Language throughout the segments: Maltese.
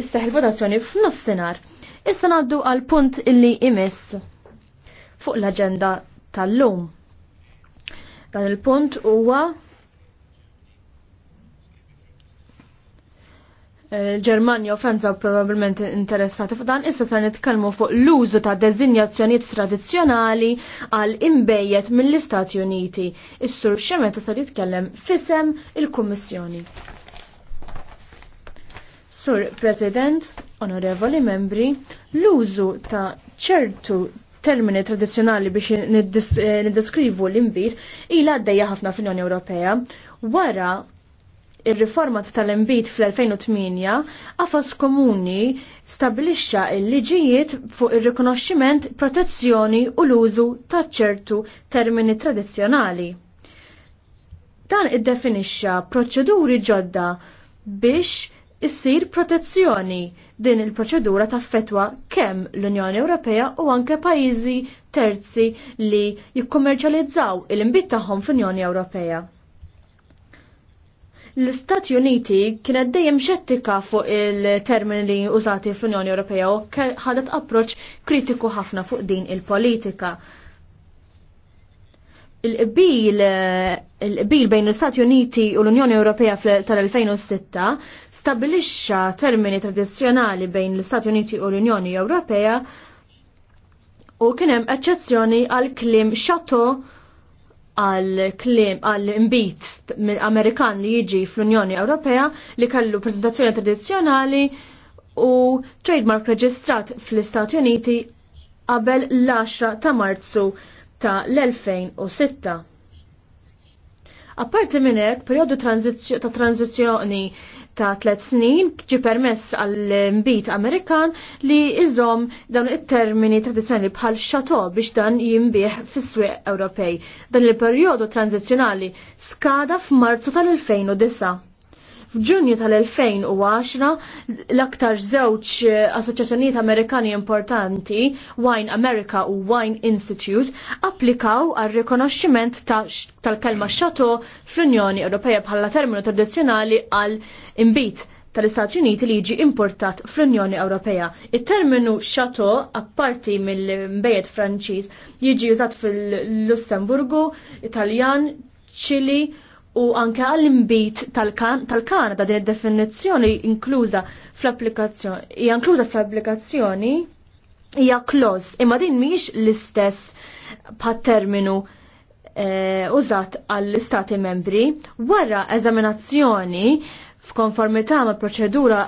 isseħ il-votazzjoni f'nofsinhar. Issa ngħaddu għal punt illi imess fuq l-aġenda tal-lum. Dan il-punt huwa Ġermanja u Franza probabbilment interessati fuq dan issa sar nitkellmu fuq l-użu ta' deżinjazzjonijiet tradizzjonali għal imbejjed mill-Istati Uniti. Is-sur xemeta sar jitkellem fisem il-Kummissjoni. Sur President, onorevoli membri, l-użu ta' ċertu termini tradizjonali biex eh, niddeskrivu l-imbit ila għaddejja ħafna fl-Unjoni Ewropea wara il riforma tal-imbit fl-2008 għafas komuni stabilixxa il-liġijiet fuq ir-rikonoxximent, protezzjoni u l-użu ta' ċertu termini tradizzjonali. Dan iddefinixxa proċeduri ġodda biex issir protezzjoni din il-proċedura taffetwa kemm l-Unjoni Ewropea u anke pajjiżi terzi li jikkommerċjalizzaw il-imbit tagħhom fl-Unjoni Ewropea. L-Istati Uniti kienet dejjem xettika fuq il-termini li użati fl-Unjoni Ewropea u ħadet approċ kritiku ħafna fuq din il-politika il-qbil il-qbil bejn l-Istati Uniti u l-Unjoni Ewropea tal-2006 stabilixxa termini tradizzjonali bejn l-Istati Uniti u l-Unjoni Ewropea u kien hemm eċċezzjoni għal klim xato għal klim għal imbit Amerikan li jiġi fl-Unjoni Ewropea li kellu preżentazzjoni tradizzjonali u trademark reġistrat fl-Istati Uniti qabel l-10 ta' Marzu 2006 ta' l-2006. Apparti minn hekk, perjodu ta' tranzizzjoni ta' tliet snin ġi permess għall-mbit Amerikan li iżom dawn it-termini tradizzjonali bħal xato biex dan jimbieħ fis-swieq Ewropej. Dan il-perjodu tranzizzjonali skada f'Marzu tal-2009. F'Ġunju tal-2010 l-aktar żewġ assoċjazzjonijiet Amerikani importanti, Wine America u Wine Institute, applikaw għal rikonoxximent tal-kelma xato fl-Unjoni Ewropea bħala terminu tradizzjonali għal imbit tal-Istati Uniti li jiġi importat fl-Unjoni Ewropea. Il-terminu xato, apparti mill-mbejed Franċiż, jiġi użat fil-Lussemburgu, Italjan, Ċili, u anke għall-imbit tal-Kanada din id-definizzjoni inkluża fl-applikazzjoni hija inkluża fl-applikazzjoni hija kloż imma din mhijiex l-istess bħat terminu eh, użat għall-istati membri wara eżaminazzjoni f'konformità mal proċedura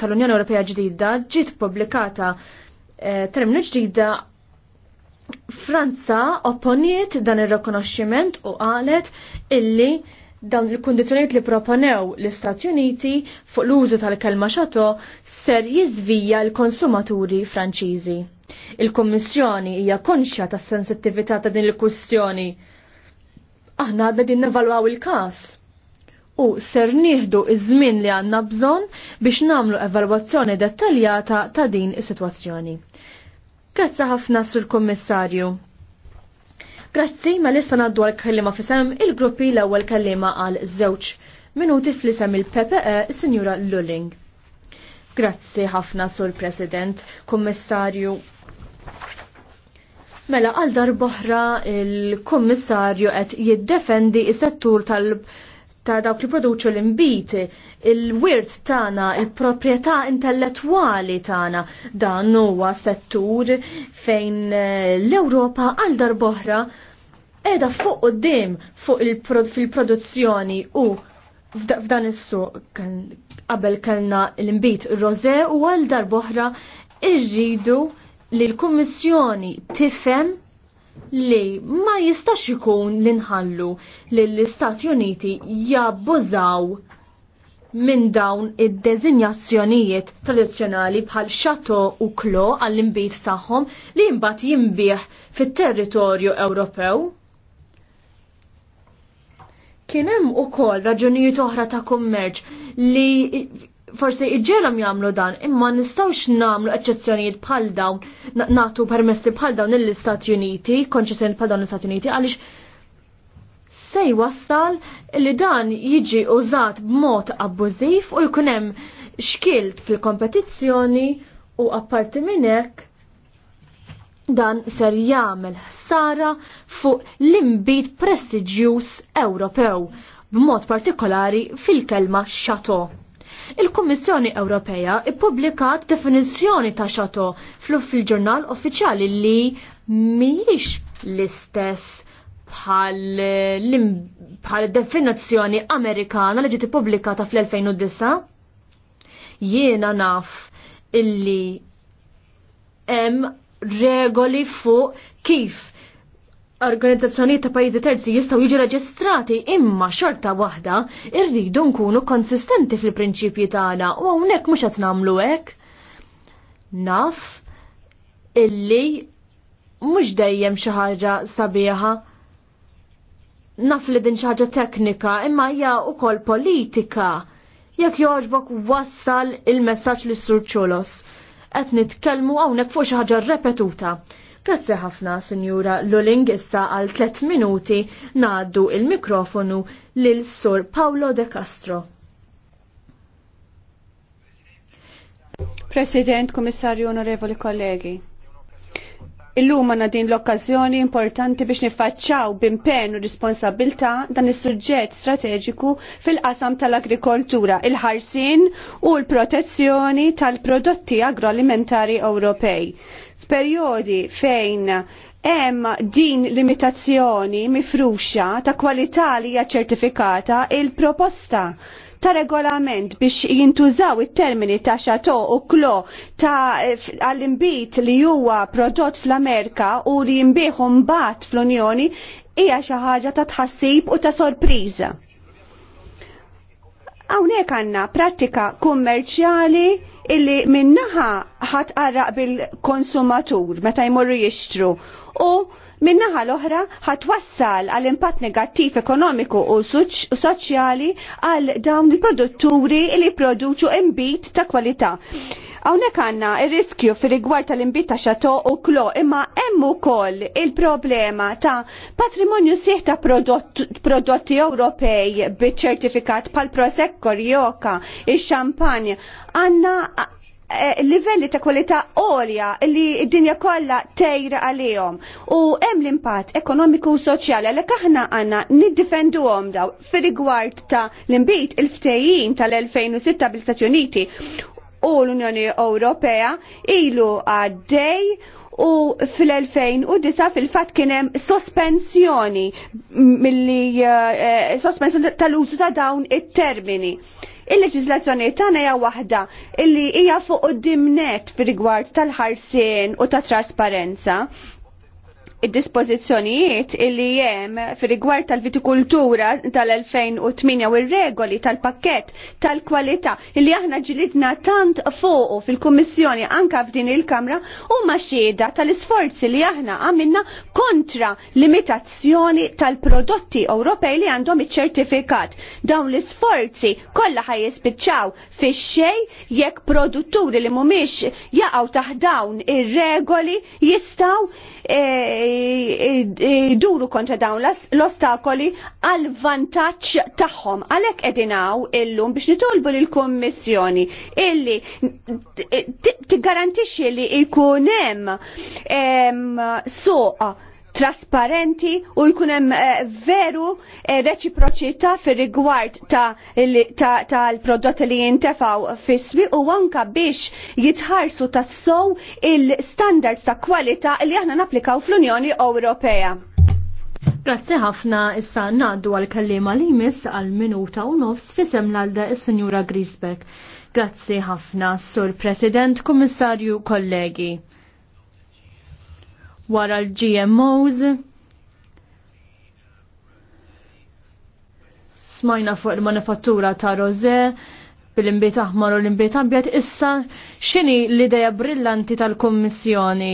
tal-Unjoni Ewropea ġdida ġiet pubblikata eh, terminu ġdida Franza opponiet dan ir-rikonoxximent u qalet illi dawn il-kondizjoniet li proponew l-Istati Uniti fuq l-użu tal-kelma xato ser jizvija l-konsumaturi franċiżi. Il-Kommissjoni hija konxja tas sensittività ta' din il-kwistjoni. Aħna għadna din nevalwaw il-każ. U ser nieħdu iż-żmien li għandna bżonn biex nagħmlu evalwazzjoni dettaljata ta' din is-sitwazzjoni. Grazzi ħafna sur Kommissarju. Grazzi ma lissa naddu għal kellima fisem il-gruppi l-ewwel kellima għal żewġ minuti fl-isem il-PPE eh, Sinjura Lulling. Grazzi ħafna sur President, Kommissarju. Mela għal darboħra il-Kommissarju qed jiddefendi is-settur tal- ta' dawk li produċu l-imbit, il-wirt tana, il-proprietà intellettuali tana, dan huwa settur fejn eh, l-Ewropa għal darboħra edha fuq u dim fuq il-produzzjoni u f'dan is-suq qabel kellna l-imbit roze u għal darboħra irridu li l-Kummissjoni tifhem li ma jistax ikun li nħallu li l-Istati Uniti jabbużaw minn dawn id-dezinjazzjonijiet tradizzjonali bħal xato u klo għall-imbit tagħhom li mbagħad jimbieħ fit-territorju Ewropew. Kien hemm ukoll raġunijiet oħra ta' kummerċ li forsi iġġielhom jagħmlu dan, imma nistgħux nagħmlu eċċezzjonijiet bħal dawn nagħtu permessi bħal dawn lill-Istati Uniti, konċessjoni bħal dawn l-Istati Uniti għaliex se wassal li dan jiġi użat b'mod abbużiv u jkun hemm xkilt fil-kompetizzjoni u apparti minn hekk dan ser jagħmel ħsara fuq l-imbit prestiġjuż Ewropew b'mod partikolari fil-kelma xato. Il-Kummissjoni Ewropea ippubblikat definizzjoni ta' xato fluff fil-ġurnal uffiċjali li mhijiex l-istess bħal definizzjoni Amerikana li ġiet ippubblikata fl-2009. Jiena naf illi hemm regoli fuq kif organizzazzjonijiet ta' pajjiżi terzi jistgħu jiġu reġistrati imma xorta waħda irridu nkunu konsistenti fil-prinċipji tagħna u hawnhekk mhux qed nagħmlu hekk. Naf illi mhux dejjem xi ħaġa sabiħa naf li din xi ħaġa teknika imma hija wkoll politika jekk jogħġbok wassal il-messaġġ li sur ċolos. Qed nitkellmu hawnhekk fuq xi ħaġa repetuta. Grazzi ħafna, Sinjura Luling, issa għal 3 minuti naddu il-mikrofonu lil Sur Paolo De Castro. President, Komissarju, Onorevoli Kollegi. Illum għanna din l-okkazjoni importanti biex nifacċaw b'impenn u responsabilta dan is suġġett strateġiku fil-qasam tal-agrikoltura, il-ħarsin u l-protezzjoni tal-prodotti agroalimentari Ewropej periodi fejn hemm din limitazzjoni mifruxa ta' kwalità li hija ċertifikata il-proposta ta' regolament biex jintużaw it-termini ta' xato u klo ta' għall-imbit li huwa prodott fl-Amerika u li jimbieħu mbagħad fl-Unjoni hija xi ħaġa ta' tħassib u ta' sorpriża. Hawnhekk għandna prattika kummerċjali illi minnaħa ħat arraq bil-konsumatur meta jmorru jixtru u minnaħa l-oħra ħat wassal għal impatt negattiv ekonomiku u soċjali għal dawn il-produtturi illi produċu imbit ta' kwalità. Hawnhekk għandna il riskju fi rigward tal imbit ta' xato u klo imma hemm ukoll il-problema ta' patrimonju sieħ ta' prodotti Ewropej biċ-ċertifikat pal prosekkor joka, ix xampan Għandna eh, eh, livelli ta' kwalità olja li d-dinja kollha tejra għalihom u hemm l-impatt ekonomiku u soċjali għalhekk aħna għandna niddifenduhom daw fir-rigward ta' l-imbit il-ftehim tal-2006 bil-Stati Uniti u l-Unjoni Ewropea ilu għaddej u fil-2009 fil-fat kienem sospensjoni milli eh, sospensjoni tal-użu ta' dawn it-termini. Il-leġizlazzjoni tagħna hija waħda illi hija fuq dimnet fil rigward tal-ħarsien u ta' trasparenza id-dispożizzjonijiet illi jem fir-rigward tal-vitikultura tal-2008 u ir-regoli tal-pakket tal-kwalità illi aħna ġilidna tant fuqu fil-Kummissjoni anka f'din il-Kamra huma xieda tal-isforzi li aħna għamilna kontra limitazzjoni tal-prodotti Ewropej li għandhom iċ-ċertifikat. Dawn l-isforzi kollha ħajjispiċċaw fix-xej jekk produtturi li mhumiex jaqgħu taħdawn dawn ir-regoli jistgħu iduru kontra dawn l-ostakoli għal vantaġġ tagħhom. Għalhekk qegħdin illum biex nitolbu lill-Kummissjoni illi tiggarantixxi li jkun hemm trasparenti u jkun hemm eh, veru eh, reċiproċità fir rigward tal-prodotti li jintefgħu fiswi u anke biex jitħarsu tassow il-standards ta' kwalità li aħna napplikaw fl-Unjoni Ewropea. Grazzi ħafna issa ngħaddu għal kelliema li jmiss għal minuta u nofs fisem l-għalda is-Sinjura Grisbeck. Grazzi ħafna, Sur President, Kummissarju, kollegi wara l-GMOs. Smajna fuq il-manifattura ta' Rosé bil-imbiet aħmar u l-imbiet abjad issa xini l-ideja brillanti tal-Kommissjoni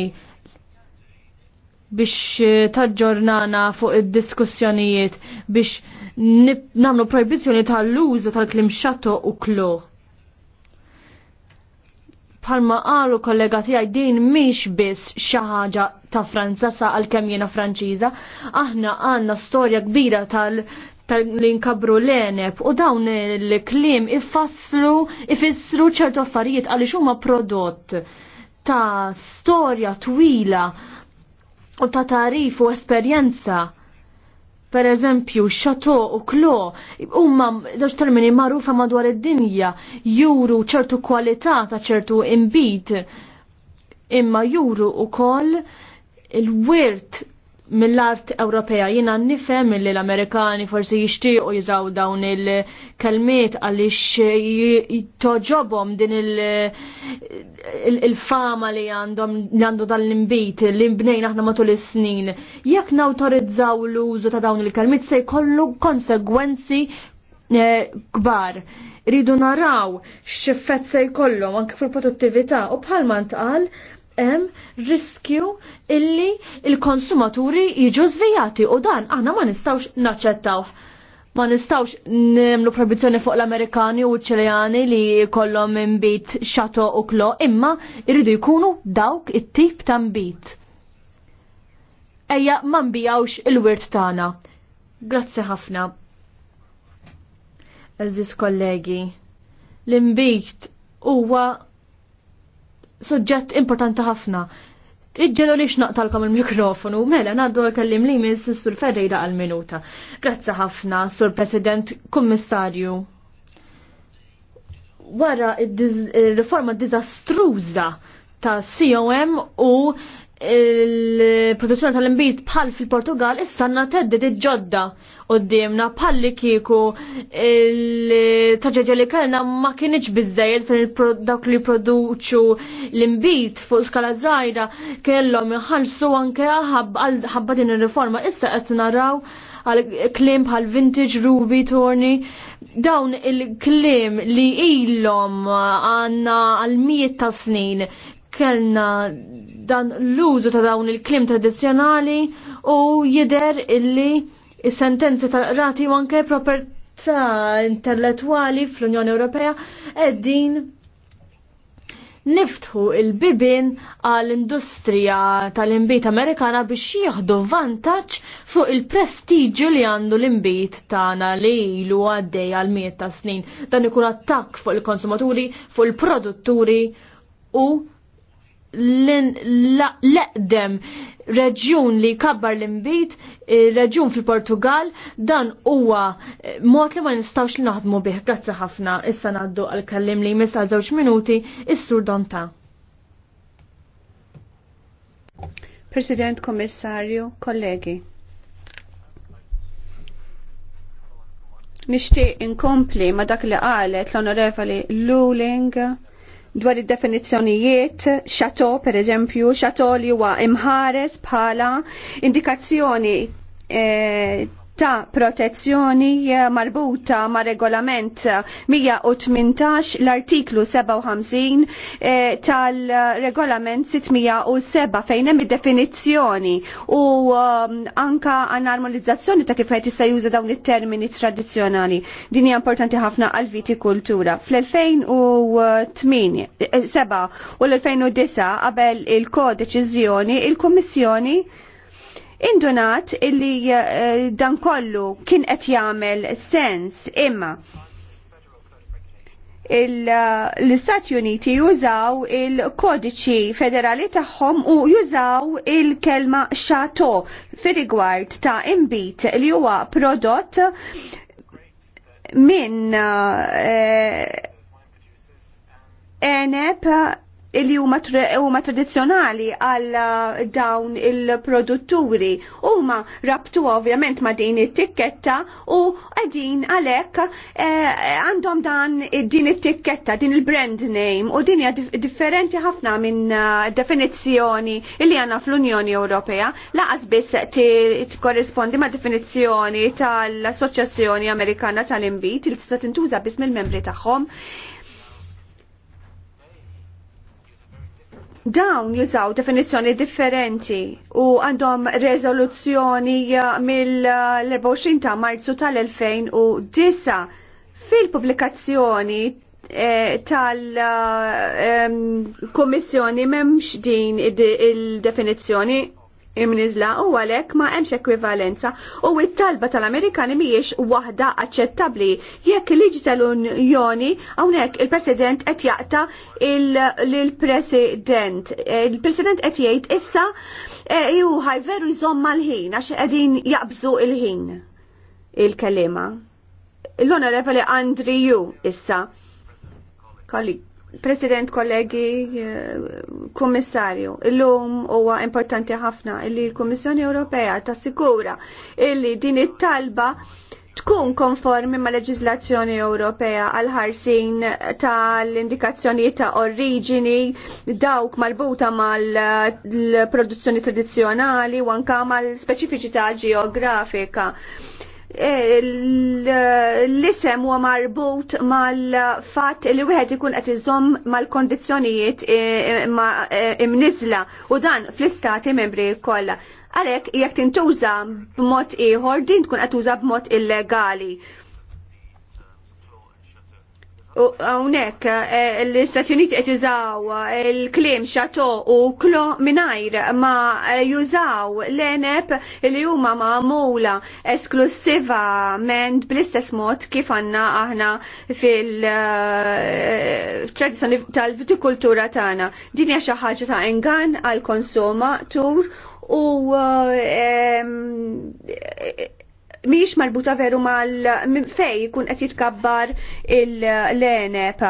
biex eh, taġġornana fuq id-diskussjonijiet biex namlu projbizjoni tal-użu tal-klim u klo bħalma qalu kollega tiegħi din mhix biss xi ħaġa ta' Franza sa' għal kemm jiena Franċiża, aħna għandna storja kbira tal tal-inkabru l enep u dawn il-klim ifasslu, ifissru ċertu affarijiet għaliex huma prodott ta' storja twila u ta' tarif u esperjenza per eżempju xato u klo huma żewġ termini magħrufa madwar id-dinja juru ċertu kwalità ta' ċertu imbit imma juru koll il-wirt mill-art Ewropea jina nifem li l-Amerikani forsi jishtiqu jizaw dawn il-kelmiet għalix toġobom din il-fama li għandhom għandu dal-imbit li mbnejn aħna matul is-snin. Jekk nawtorizzaw l-użu ta' dawn il-kelmiet se jkollu konsegwenzi eh, kbar. Ridu naraw x-xifet se jkollhom anke fil-produttività u bħalma ntqal hemm riskju illi il-konsumaturi jiġu żvijati u dan aħna ma nistgħux naċċettaw. ma nistawx nemlu proibizzjoni fuq l-Amerikani u ċiljani li kollhom imbit xato u klo, imma irridu jkunu dawk it-tip ta' mbit. Ejja ma nbijawx il-wirt tagħna. Grazzi ħafna. Eżis kollegi, l-imbit huwa suġġett importanti ħafna. Iġġelu li xnaqtalkom il-mikrofonu, mela naddu għakallim li minn Sistur Ferreira għal-minuta. Grazzi ħafna, Sur President, Kommissarju. Wara il-riforma dizastruza ta' COM u il-produzzjoni tal-imbit bħal fil-Portugal issanna teddit ġodda qoddimna bħal li kiku il-traġedja li kellna ma kienieċ bizzejed fejn dawk li produċu l-imbit fuq skala żgħira kellhom iħallsu anke ħabba din ir-riforma issa qed naraw għal klim bħal vintage ruby torni dawn il-klim li ilhom għandna għal mijiet ta' snin kellna dan l-użu ta' dawn il-klim tradizjonali u jider illi il sentenzi ta' qrati u anke intellettuali intellettwali fl-Unjoni Ewropea din niftħu il-bibin għall-industrija tal-imbit Amerikana biex jieħdu vantaġġ fuq il-prestiġu li għandu l-imbit tagħna li ilu għaddej għal miet ta' snin. Dan ikun attakk fuq il-konsumaturi, fuq il-produtturi u l-eqdem reġjun li kabbar l-imbit, eh, reġjun fil-Portugal, dan huwa eh, mod li ma nistawx li naħdmu bih. Grazzi ħafna, issa naddu għal kallim li jmiss għal żewġ minuti, is-sur Donta. President, Kommissarju, kollegi. Nishtiq inkompli ma dak li qalet l-onorevoli Luling dwar id-definizzjonijiet, xato per eżempju, xato li huwa imħares bħala indikazzjoni eh, ta' protezzjoni marbuta ma' regolament 118 l-artiklu 57 eh, tal-regolament 607 fejn hemm id-definizzjoni u um, anka għan armonizzazzjoni ta' kif qed jista' juża dawn it-termini tradizzjonali. Din hija importanti ħafna għal vitikultura. Fl-2008 7 eh, u l-2009 qabel il-kodeċiżjoni il-Kummissjoni il kodeċiżjoni il kummissjoni il kummissjoni Indunat illi eh, dan kollu kien qed jagħmel sens imma eh, l-Istati Uniti jużaw il-kodiċi federali tagħhom u jużaw il-kelma xato fir-rigward ta' imbit li huwa prodott minn eh, enep li huma huma tradizzjonali għal eh, dawn il-produtturi huma rabtu ovvjament ma' din it-tikketta u qegħdin għalhekk eh, għandhom dan din it-tikketta, din il-brand name u din hija differenti ħafna minn eh, definizzjoni li għandna fl-Unjoni Ewropea laqas biss tikkorrispondi ma' definizzjoni tal-Assoċjazzjoni Amerikana tal-Inbit li tista' tintuża biss mill-membri tagħhom Dawn jużaw definizzjoni differenti u għandhom rezoluzzjoni mill-24 ta' marzu tal-2009 fil-publikazzjoni eh, tal eh, kommissjoni memx din il-definizjoni imnizla u għalek ma hemmx ekvivalenza u it-talba tal-Amerikani mhijiex waħda aċċettabbli. Jekk liġi tal-Unjoni hawnhekk il-President qed jaqta il-President. Eh, Il-President qed jgħid issa eh, ju veru jżomm mal-ħin għax qegħdin jaqbżu il-ħin il-kelima. L-Onorevoli Andriju issa. Kolik. President, kollegi, eh, kommissarju, l-lum huwa importanti ħafna illi l-Kommissjoni Ewropea sikura illi din it-talba tkun konformi ma' leġizlazzjoni Ewropea għal ħarsin tal-indikazzjoni ta' oriġini dawk marbuta mal-produzzjoni tradizzjonali u anka mal-speċifiċità ġeografika l-isem huwa marbut mal-fatt li wieħed ikun qed iżomm mal-kondizzjonijiet e, e, e, imnizla u dan fl-istati membri kollha. Għalhekk jekk tintuża b'mod ieħor din tkun qed tuża b'mod illegali. Hawnhekk eh, l-Istati Uniti qed jużaw eh, il-kliem xato u klo mingħajr ma eh, jużaw l-enep li huma magħmula esklusivament bl-istess mod kif għandna aħna fil-tradizzjoni tal-vitikultura tagħna. Din hija xi ħaġa ta' engan għall tur u miex marbuta veru mal fej kun qed jitkabbar il-lenep.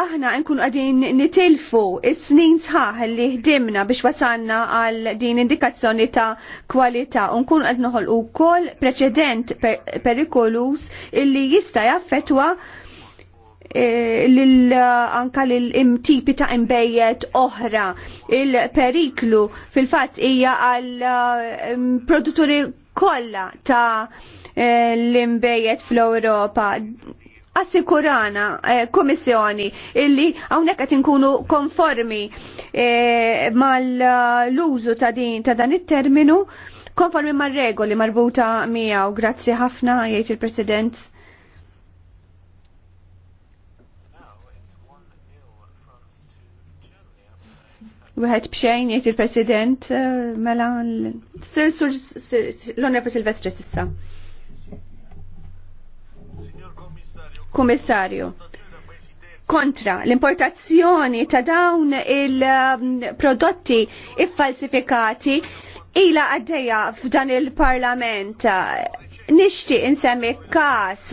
Aħna nkun għadin nitilfu is-snin sħaħ li ħdimna biex wasanna għal din indikazzjoni ta' kwalità u nkun qed noħolqu wkoll preċedent perikolus illi jista' jaffetwa Eh, anka l-imtipi ta' imbejjet oħra. Il-periklu fil-fat hija għal eh, produtturi kollha ta' eh, l-imbejjet fl-Ewropa assikurana komissjoni illi hawnhekk qed inkunu konformi mal-użu ta' din ta' dan it-terminu konformi mar-regoli marbuta miegħu. Grazzi ħafna jgħid il-President. Wieħed bxejn jgħid il-President eh, mela l-Sensur l-Onefu Silvestri sissa. Kummissarju. Kontra l-importazzjoni ta' dawn il-prodotti iffalsifikati ila għaddeja f'dan il-parlament nixti insemmi kas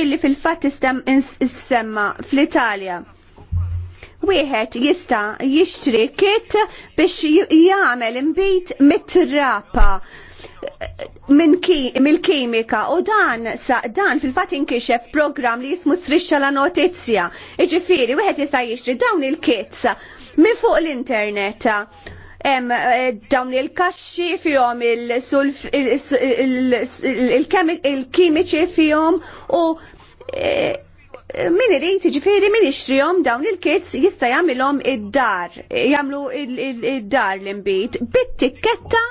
illi fil-fat insemma fl-Italja wieħed jista' jixtri kit biex jagħmel imbit mit-trapa mill-kimika u dan sa, dan fil-fatt inkixef program li jismu trixxa la notizja. Iġifieri wieħed jista' jixtri dawn il-kits minn fuq l-internet. Hemm dawn il-kaxxi fihom il-kimiċi fihom u min irrit jiġifieri min ixtrihom dawn il-kits jista' jagħmilhom id-dar, jagħmlu id-dar l imbit bit-tikketta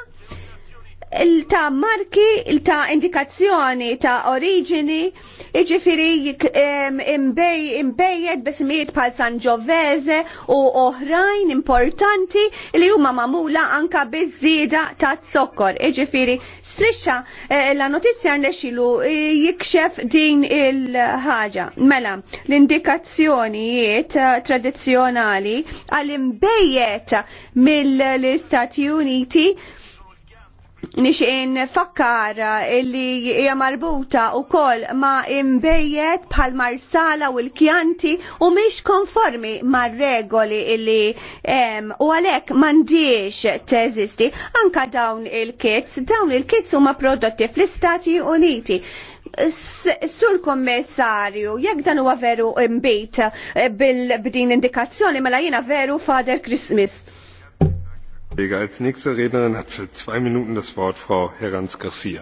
ta' marki, ta' indikazzjoni, ta' oriġini, iġifiri imbejjed besmijiet pal San Giovese u oħrajn importanti li huma mamula anka bizzida ta' zokkor. Iġifiri strisċa eh, la notizja nrexilu eh, jikxef din il-ħaġa. Mela, l-indikazzjonijiet eh, tradizjonali għal-imbejjed mill-Istati Uniti nixin fakkar illi hija marbuta u ma imbejjed bħal marsala u l-kjanti u mhix konformi mar regoli illi em, u għalhekk m'għandix teżisti anka dawn il-kits dawn il-kits huma prodotti fl-Istati Uniti Sul kommissarju, jekk dan huwa veru imbejt bil-bdin indikazzjoni mela jiena veru Father Christmas Als nächste Rednerin hat für zwei Minuten das Wort Frau Herans Garcia.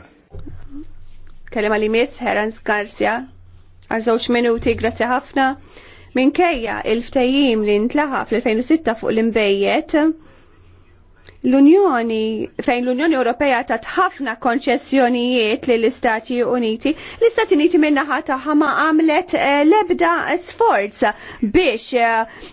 Kellem li miss Herans Garcia, għal minuti, grazzi ħafna. Minkejja il-ftajim li ntlaħa fl-2006 fuq l-imbejjet, l-Unjoni, fejn l-Unjoni Ewropea tat ħafna konċessjonijiet lill istati Uniti, l-Istati Uniti minna ħata ma għamlet eh, lebda sforz biex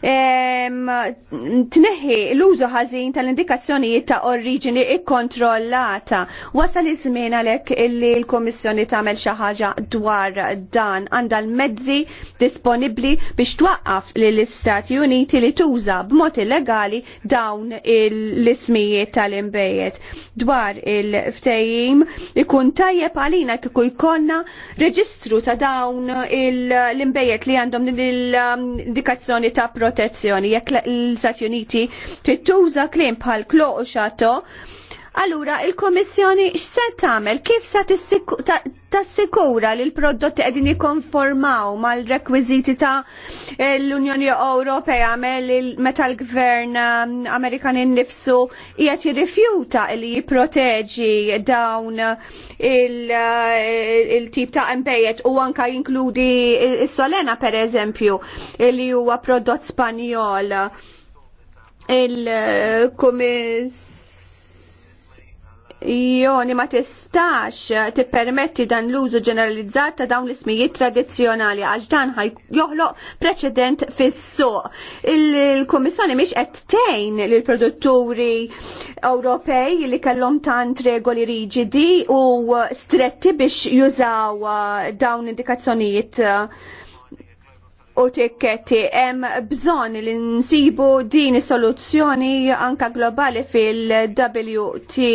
ehm, tneħħi l-użu ħażin tal-indikazzjonijiet ta' oriġini ikkontrollata. Wasal iż-żmien għalhekk illi l-Kummissjoni tagħmel xi ħaġa dwar dan għandha l-mezzi disponibbli biex twaqqaf lill istati Uniti li tuża b'mod illegali dawn l-ismi l tal-imbejjed. Dwar il-ftejim ikun tajjeb għalina kiku jkollna reġistru ta' dawn l-imbejjed li għandhom din l-indikazzjoni ta' protezzjoni. Jekk l-Stati Uniti tittuża klim bħal kloqxato Allura, il-Komissjoni x'se tagħmel kif se tassikura li l-prodotti qegħdin jikkonformaw mal-rekwiżiti ta' l-Unjoni Ewropea meta l-Gvern um, Amerikan innifsu qiegħed jirrifjuta li jipproteġi dawn il-tip ta' empejet u anka jinkludi s solena pereżempju li huwa prodott Spanjol il-Kumiss Joni ma tistax tippermetti dan l-użu ġeneralizzat ta' dawn l-ismijiet tradizzjonali għax dan ħaj joħloq preċedent fis-suq. Il-Kummissjoni mhix qed tgħin lill-produtturi Ewropej li kellhom tant regoli riġidi u stretti biex jużaw uh, dawn indikazzjonijiet uh, u tikketti hemm bżonn li nsibu din is-soluzzjoni anka globali fil-WT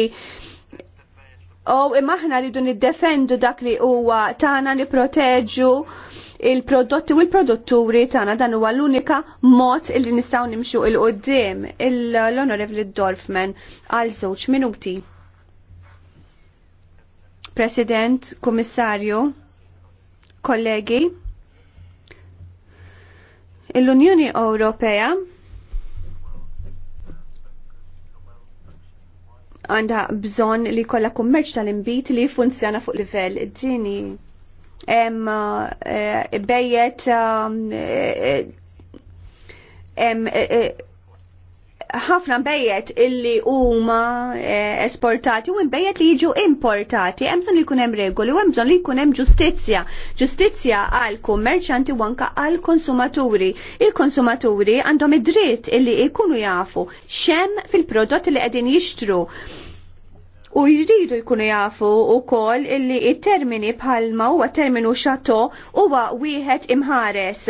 u imma aħna rridu niddefendu dak li huwa tagħna nipproteġu il-prodotti u l-produtturi tagħna dan huwa l-unika mod li nistgħu nimxu il qudiem l-Onorevli Dorfman għal żewġ minuti. President, Kummissarju, kollegi, l-Unjoni Ewropea għandha bżonn li kolla kummerċ tal-imbit li jfunzjana fuq livell dini. Hemm eh, bejjed eh, eh, ħafna mbejjed illi huma eh, esportati u mbejjed li jiġu importati, hemm bżonn li jkun hemm regoli u hemm bżonn li jkun hemm ġustizzja. Ġustizzja għal kummerċanti u anke għal konsumaturi. Il-konsumaturi għandhom id-dritt illi jkunu jafu xem fil-prodott li qegħdin jixtru. U jridu jkunu jafu u kol illi il-termini bħalma huwa terminu xato huwa wieħed imħares.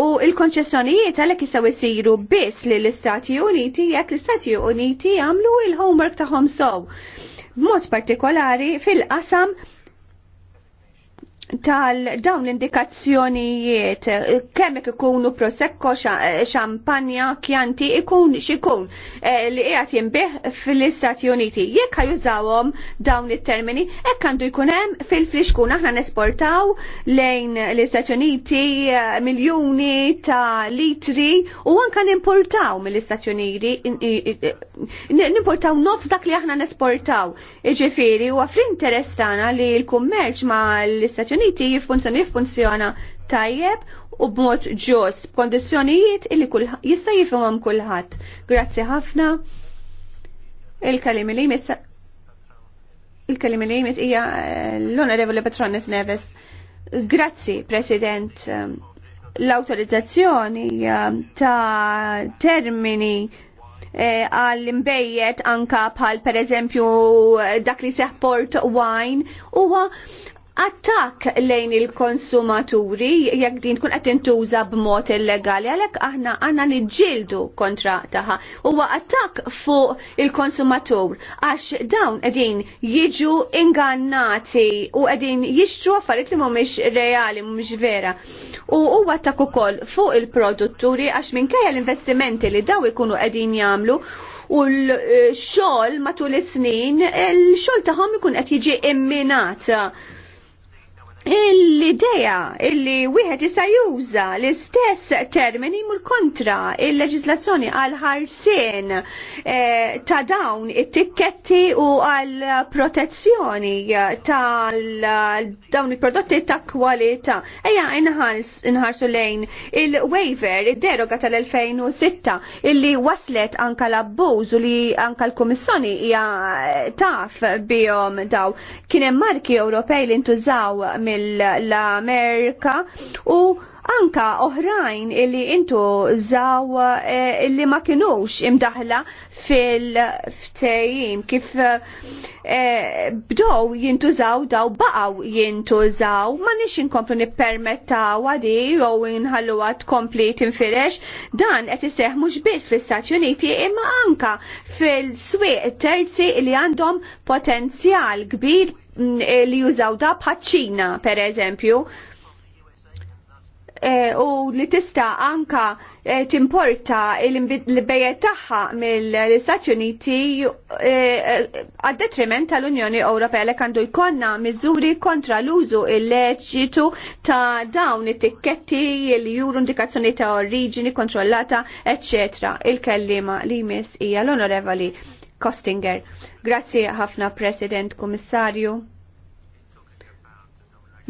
U il-konċessjonijiet għalhekk jistgħu jsiru biss li l-Istati Uniti jekk l-Istati Uniti jagħmlu il-homework tagħhom sow. B'mod partikolari fil-qasam tal-dawn l-indikazzjonijiet kemm ikunu prosecco, xampanja, kjanti, ikun xikun eh, li qiegħed jinbih fl-Istati Uniti. Jekk jużawhom dawn it-termini, hekk għandu jkun hemm fil-fliskun aħna nesportaw lejn l-Istati Uniti eh, miljuni ta' litri u anke nimportaw mill-Istati Uniti nimportaw nofs dak li aħna nesportaw. Ġifieri huwa fl-interess tagħna li l-kummerċ ma' l-Istati Uniti jiffunzjoni jiffunzjona tajjeb u b'mod ġos b'kondizzjonijiet illi jista' jifhimhom kulħadd. Grazzi ħafna. Il-kalimi li jmiss il-kalimi li jmiss hija eh, l-Onorevoli Patronis Neves. Grazzi, President. L-autorizzazzjoni eh, ta' termini eh, għall imbejjed anka bħal per eżempju dak li seħ port wine huwa attak lejn il-konsumaturi jekk din tkun qed intuża b'mod illegali għalhekk aħna għandna niġġieldu kontra taħa. Huwa attak fuq il-konsumatur għax dawn qegħdin jiġu ingannati u qegħdin jixtru affarijiet li mhumiex reali mhumiex vera. U huwa attak ukoll fuq il-produtturi għax minkejja l-investimenti li daw ikunu qegħdin jagħmlu u l-xogħol matul is-snin, il-xogħol tagħhom ikun qed jiġi imminat L-idea illi wieħed jista' juża l-istess termini mur kontra il-leġislazzjoni għal ħarsien eh, ta' dawn it-tikketti u għal protezzjoni eh, tal eh, dawn il-prodotti ta' kwalità. Ejja inħarsu lejn il-waiver, id-deroga tal-2006 illi waslet anka l abbużu li anka l-Kummissjoni hija taf bihom daw. Kien hemm marki Ewropej li ntużaw mill-Amerika u anka oħrajn illi intu zaw eh, illi ma kinux imdaħla fil-ftejim kif eh, bdow jintużaw daw baqaw jintużaw ma nix inkomplu nippermettaw wadi jew inħallu għat komplet infirex dan qed iseħ mhux biss fl-Istati Uniti imma anka fil-swieq terzi li għandhom potenzjal kbir Eh, li jużaw da bħacċina, ċina per eżempju, E, u li tista anka e, timporta l-bejet tagħha mill-Istati Uniti għad detriment tal-Unjoni Ewropea li għandu jkollna miżuri kontra l-użu illeċitu ta' dawn it-tikketti li juru indikazzjoni ta' oriġini kontrollata, eccetera. Il-kellima li jmiss hija l-Onorevoli Kostinger. Grazzi ħafna President Kummissarju.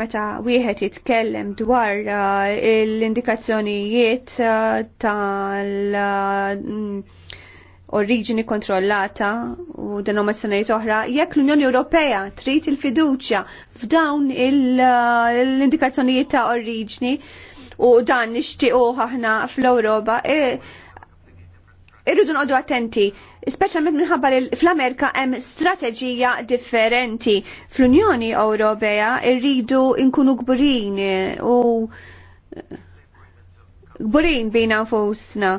Meta wieħed jitkellem dwar uh, l-indikazzjonijiet uh, tal- uh, oriġini kontrollata u denominazzjonijiet oħra, jekk l-Unjoni Ewropea trid il-fiduċja f'dawn l-indikazzjonijiet ta' oriġini u dan nixtiequ aħna fl-Ewropa, eh, irridu noqogħdu attenti Speċjalment minħabba li fl-Amerika hemm strateġija differenti. Fl-Unjoni Ewropea rridu nkunu gburin u gburin bina nfusna.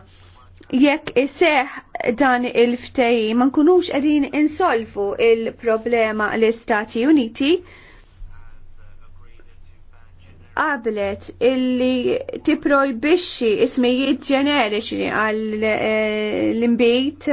Jekk iseħ dan il-ftehim ma nkunux qegħdin insolvu il-problema l-Istati Uniti qablet illi tipprojbixxi ismijiet ġeneriċi għall l-imbejt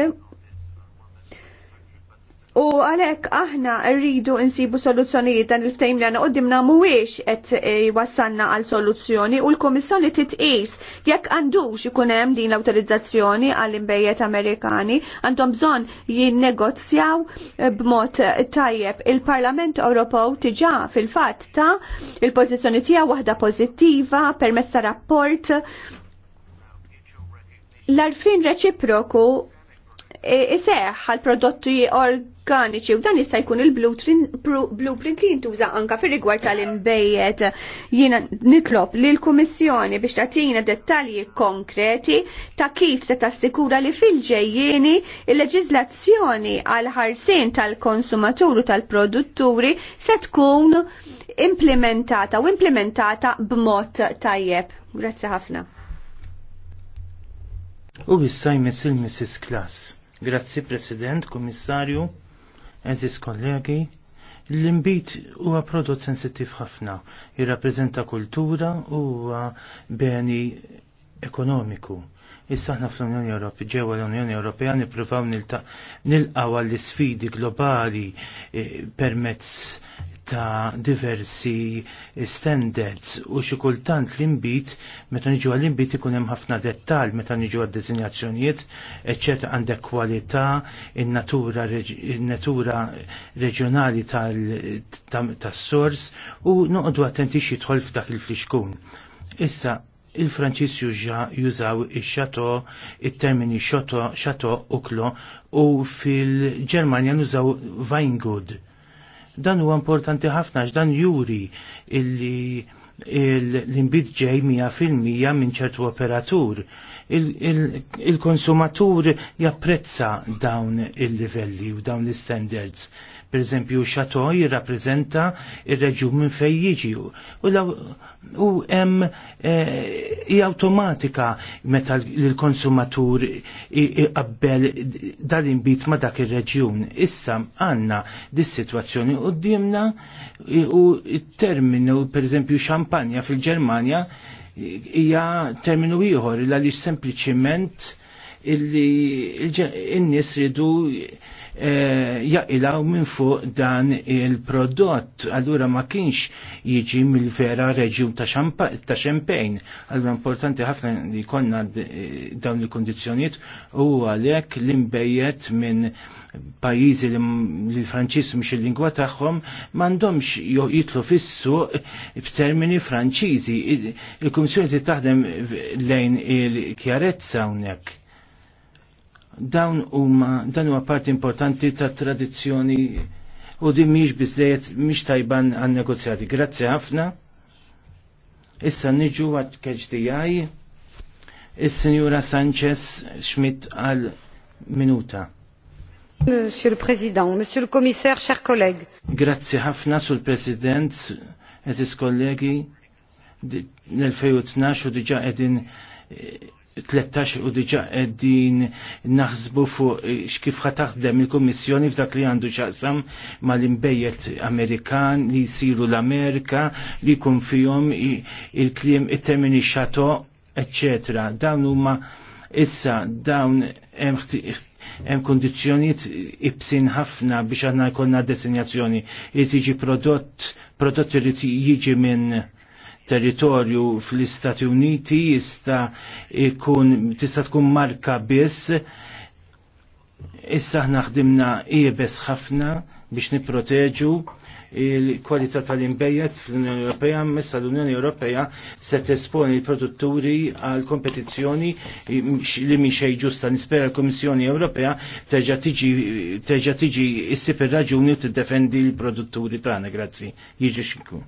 U għalhekk aħna rridu nsibu soluzzjonijiet dan il ftajm li għana qudiemna mhuwiex qed jwassanna e, għal soluzzjoni u l-Kummissjoni titqis jekk għandux ikun hemm din l-awtorizzazzjoni għall imbejjed Amerikani għandhom bżonn jinnegozjaw e, b'mod tajjeb. Il-Parlament Ewropew tiġà fil-fatt ta' il-pożizzjoni tiegħu waħda pożittiva permezz ta' rapport l-arfin reċiproku E, iseħ għal prodotti organiċi u dan jista' jkun il-blueprint li jintuża anka fir rigward tal-imbejjed jiena nitlob lil kummissjoni biex tagħtina dettalji konkreti ta' kif se tassikura li fil-ġejjieni il-leġiżlazzjoni għal ħarsien tal u tal-produtturi se tkun implementata u implementata b'mod tajjeb. Grazzi ħafna. U bissaj il Mrs. Klass. Grazzi President, Komissarju, Enzis kollegi. L-imbit huwa prodott sensittiv ħafna, jirrappreżenta kultura u beni ekonomiku. Issa aħna fl-Unjoni Ewropea, ġewwa l-Unjoni Ewropea nippruvaw nilqgħu għall isfidi globali eh, permezz ta' diversi standards u xi kultant l-inbit meta niġu għall-inbit ikun hemm ħafna dettal meta niġu għad-dizinjazzjonijiet, eċċetera għandek kwalità, in-natura natura reġjonali tas-sors u noqogħdu attenti jidħol f'dak il-flixkun. Issa il-Franċis jużaw il-xato, il-termini xato, xato uklo u fil-Ġermanja nużaw Weingut Dan huwa importanti ħafna dan juri illi l-imbid ġej mija fil-mija minn ċertu operatur. Il-konsumatur japprezza dawn il-livelli u dawn l-standards. Per eżempju, xato jirrappreżenta il reġjun minn fejn jiġi. U hemm eh, i automatika meta l-konsumatur iqabbel dal-inbit ma dak ir-reġjun. Issa għandna dis-sitwazzjoni qudiemna u t-terminu pereżempju xampanja fil-Ġermanja hija terminu ieħor għaliex sempliċiment illi n-nis ridu eh, jaqilaw minn fuq dan il-prodott. Allura ma kienx jiġi mill-vera reġjun ta' xempejn. Allura importanti ħafna li konna dawn il-kondizjoniet u għalek l-imbejjet minn pajizi li l-Franċis mux il-lingwa tagħhom m'għandhomx jitlu fissu b'termini Franċiżi. il ti taħdem lejn il-kjarezza hawnhekk Dawn huma dan huwa parti importanti ta' tradizzjoni u din mhix biżejjed mhix tajban għan negozjati. Grazzi ħafna. Issa niġu għat keġdijaj. is senjura Sanchez Schmidt għal minuta. Monsieur le Président, Monsieur le Commissaire, chers collègues. Grazzi ħafna sul President, eżis kollegi, nel 2012 u diġa edin eh, 13 u diġa din naħsbu fuq eh, xkif ħataħdem il-Kommissjoni f'dak li għandu xaqsam mal-imbejjet Amerikan li jisiru l-Amerika li kun fihom il-klim it-termini xato, eccetera. Dawn huma issa dawn hemm kondizzjonijiet ibsin ħafna biex għandna jkollna desinjazzjoni li tiġi prodott prodott li jiġi minn territorju fl-Istati Uniti jista' ikun tista' tkun marka biss. Issa aħna ħdimna iebes ħafna biex nipproteġu il-kwalità tal-imbejjed fl-Unjoni Ewropea, messa l-Unjoni Ewropea se tesponi l-produtturi għal kompetizzjoni li mi xej ġusta nispera l-Komissjoni Ewropea terġa' tiġi issib ir-raġuni u tiddefendi l-produtturi tagħna, grazzi. Jiġi xinku.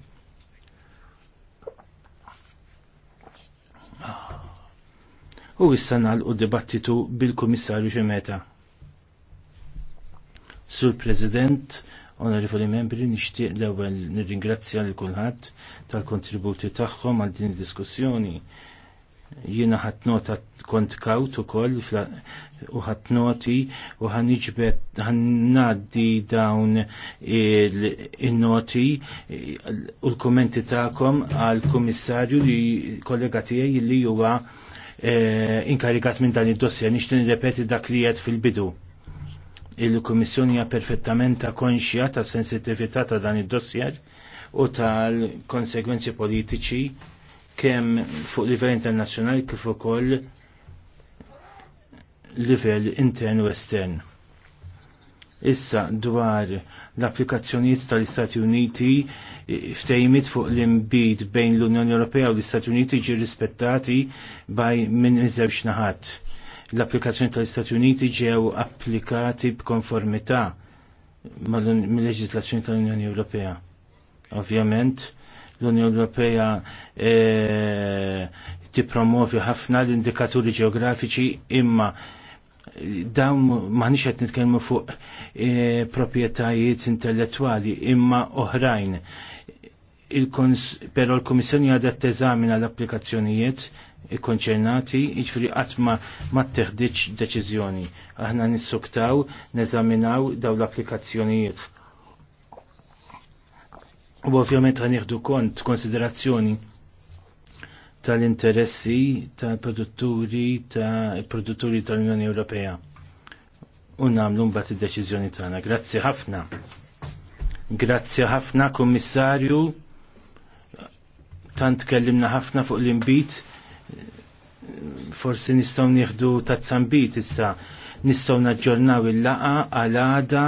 u issa nagħlqu dibattitu bil-Kummissarju ġemeta. Sur President, onorevoli membri, nixtieq l-ewwel nirringrazzja lil kulħadd tal-kontributi tagħhom għal din id-diskussjoni jina nota kont kaut u koll u ħatnoti u ħan naddi dawn il-noti u l-kommenti ta'kom għal-komissarju li kollega tijaj li huwa eh, inkarigat minn dan id dossja nix nirrepeti dak li jgħed fil-bidu il-Komissjoni hija perfettament konxja ta' sensitività ta' dan id-dossier u tal-konsekwenzi politiċi kemm fuq livell internazzjonali kif ukoll livell intern u estern. Issa dwar l-applikazzjonijiet tal-Istati Uniti ftejmit fuq l-imbid bejn l-Unjoni Ewropea u l-Istati Uniti ġi rispettati baj minn iż-żewġ naħat. L-applikazzjoni tal-Istati Uniti ġew applikati b'konformità mal-leġislazzjoni tal-Unjoni Ewropea. Ovvjament, l-Unjoni Ewropea e, tippromovi ħafna l-indikaturi ġeografiċi imma dawn maħniex qed nitkellmu fuq e, proprjetajiet intellettwali imma oħrajn. Però l-Komissjoni għadha teżamina l-applikazzjonijiet ikkonċernati, iġfri għatma ma teħdiċ deċizjoni. Aħna nissuktaw, neżaminaw daw l-applikazzjonijiet U ovvjament ħanieħdu kont konsiderazzjoni tal-interessi tal-produtturi tal-produtturi tal-Unjoni Ewropea. U nagħmlu mbagħad id-deċiżjoni tagħna. Grazzi ħafna. Grazzi ħafna, Kummissarju. Tant kellimna ħafna fuq l-imbit. Forsi nistgħu nieħdu tazzambit issa nistgħu naġġornaw il-laqa għal għada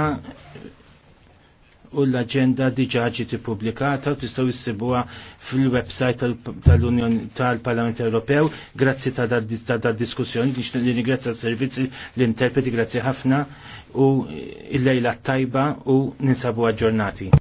u l-agenda diġaġi ġiet publikata u tistaw issibuha fil-website tal-Unjoni tal-Parlament Ewropew. Grazzi ta' da' diskussjoni, li ringrazzja s-servizzi l-interpreti, grazzi ħafna u il lejla tajba u ninsabu aġġornati.